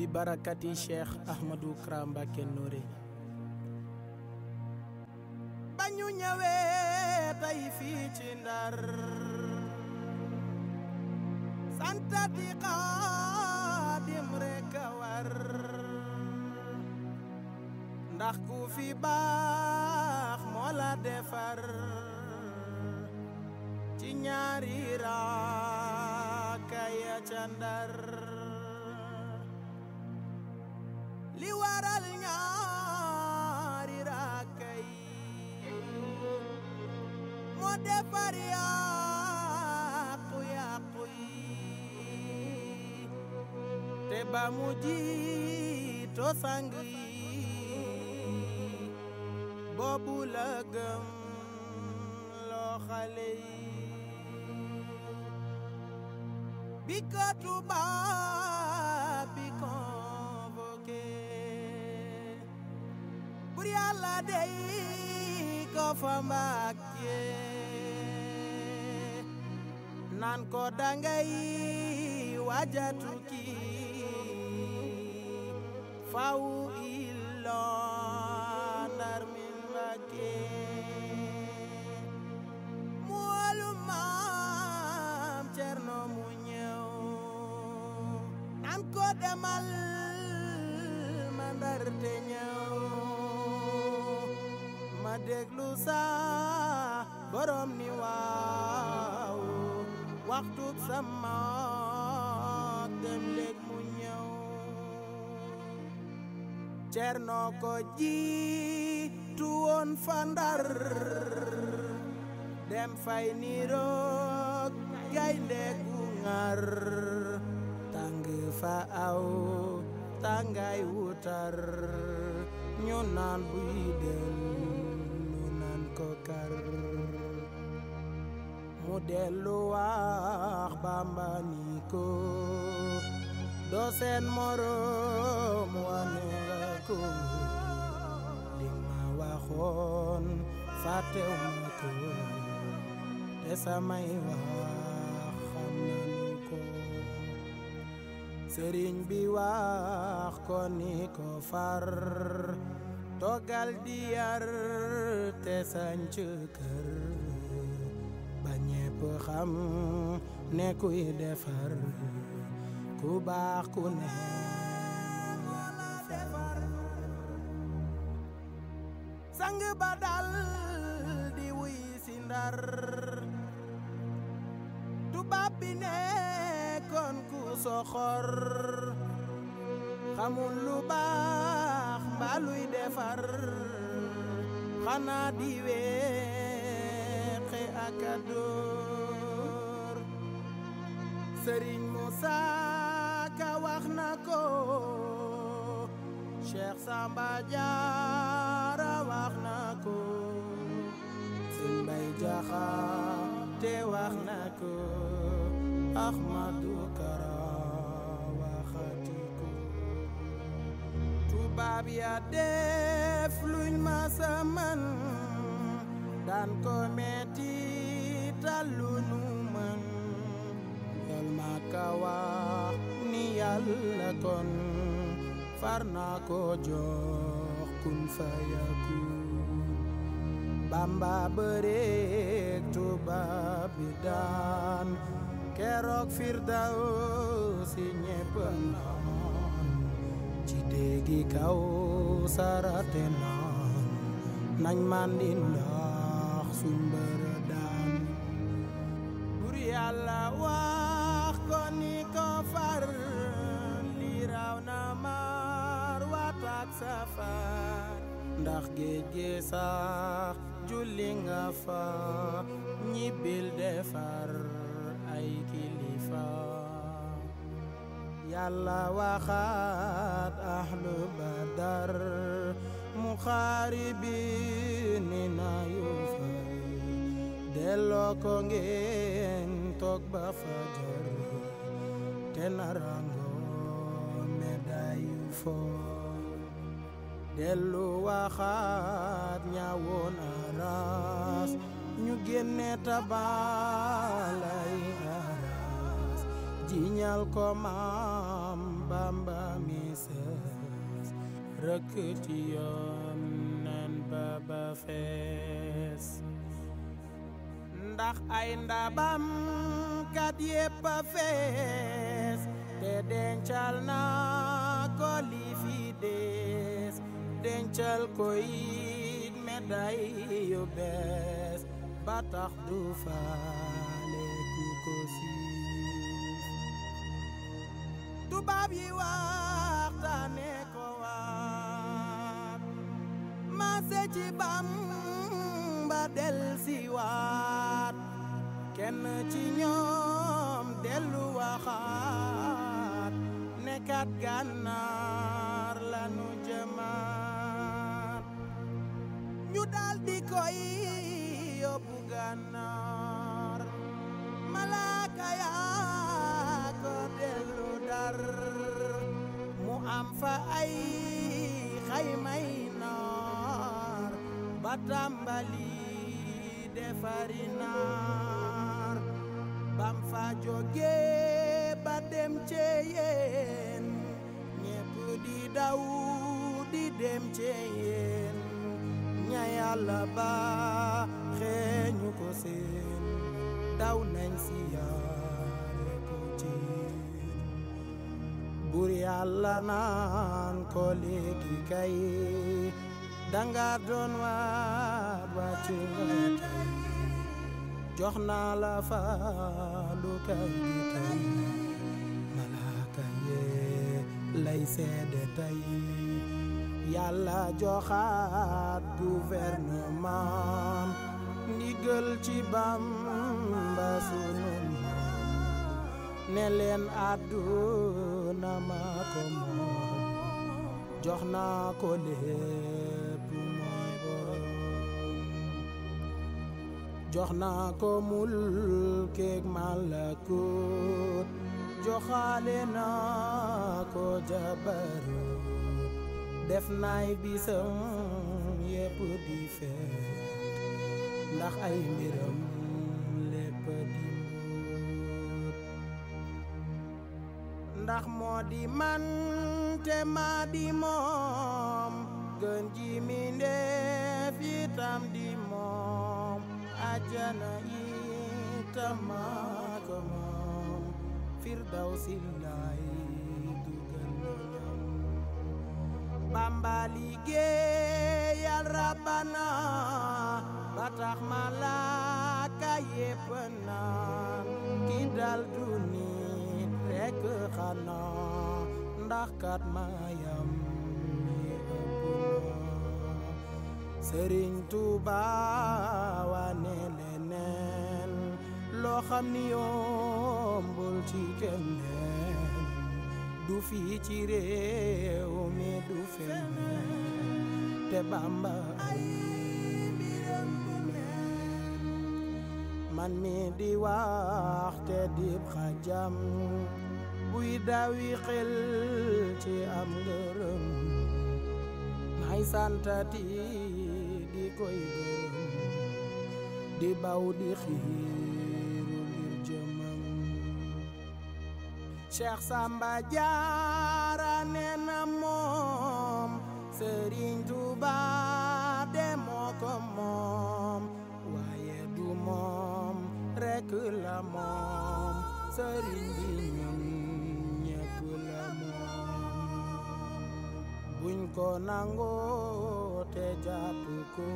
bi barakati cheikh ahmadou Kramba mbàkke bañu ñewé tay fi ci ndar santa xaadim qadim rek war ndax ku fi bax mo la defar ci ñaari ra kay ya ca ndar li waral ñaari raaka yi moo defar yàqu-yàqu te ba mu jiito boobu la loo xale bi ko tubaab Saladei ko famakke nan ko dangai wajatuki fau illo nar min makke mualumam cerno mu ñew nan ko demal mandarte ñew ma déglu borom ni waaw waxtu sama dem leg mu ñëw cerno ko jiitu woon dem fay niroog gaynde gu ngar tàng fa aw tàngaay wutar ñu naan buy dem Dakar mu dellu wax Bàmba ni ko doo seen moroom wane ko li waxoon fàttewuma ko te samay wax xam ko sëriñ bi wax ko ni ko far toogal di te sanc ba ñépp xam ne kuy defar ku baax ku ne wala ba dal di wuy si ndar bi ne kon ku soxor xamul lu mbaa luy defar xanaa di weexe ak a dóor Sëriñ Musa Ka wax ko Cheikh Samba Diarra wax na ko Sëñ Mbay Jaxate wax na ko Ahmadou Kara tubaab ya def luñ ma sa daan ko metti tallu nu man yal ni yàlla kon far naa ko jox kun fa yakun bamba bëreeg tubaab bi daan keroog firdaw si gi kaw sarate naan nañ man di ndax suñ mbërë daan bur yàlla wax ko ni ko far li raw na maar watak safar ndax géej gi sax julli nga fa ñibbil defar ay kilifa yàlla waxaat ahlu badar muxaaribiin nayu fay delloo ko ngeen toog ba fajar te narangoo medayu foor dellu waxaat ñaawoon aras ñu génne tabalay aras jiñal ko ma Bamba ndax ay ndabam kat yépp a fees te dencal na ko li fi des dencal ko it médaille yu bees ba du faale ku ko si tubaab yi waxtaane ko waat maase ci Bamba del si waat kenn ci ñoom dellu waxaat nekkat gànnaar lanu jëmaat ñu daal di koy yóbbu malaaka yaa Ndar mu am fa ay xaymay naar ba tàmbali defari naar bam fa jóge ba dem Ceyeen ñépp di daw di dem Ceyeen ña Yàlla ba xeeñu ko seen daw nañ si yaa bur yàlla naan ko léegi kay danga doon waat wàcci nga tey jox naa la faalu kay gi tey malaaka lay seede tey yàlla joxaat gouvernement ndigal ci Bamba ne leen àdduna ma ko moom jox naa ko lépp mooy borom jox naa ko mulkeeg malakut joxaale naa ko jabarut def naay bisam yépp di feet ndax ay mbiram lépp di ndax moo di man te bamba liggéeyal rabbana ba tax malaaka yépp naan ki dal rekk xanaa ndax kat maayam yi ëpp na sëriñ Tuuba wane leneen loo xam ni yombul ci keneen du fii ci réew mi du feneen te Bàmba man mi di waxte dib xajam buy dawi xel ci am ngërëm may santati di koy di baw di xiiru ngir Dia moom sëriñ bi ñun ñëpp la moom buñ ko nangoo te jàpp ko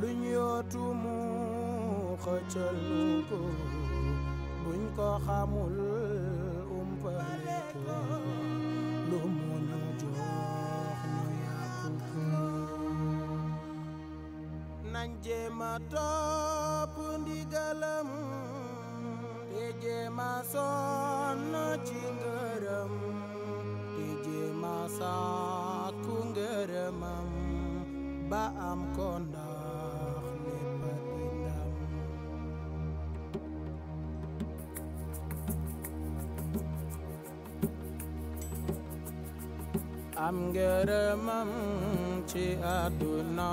luñ yootu mu xëccal ko buñ ko xamul umpale ko lu mu ñu jox ñu yàpp ko nañ jéem a toog sonn ci ngërëm di jéem a sàkku ngërëmam ba am ko ndax am ngërëmam ci àdduna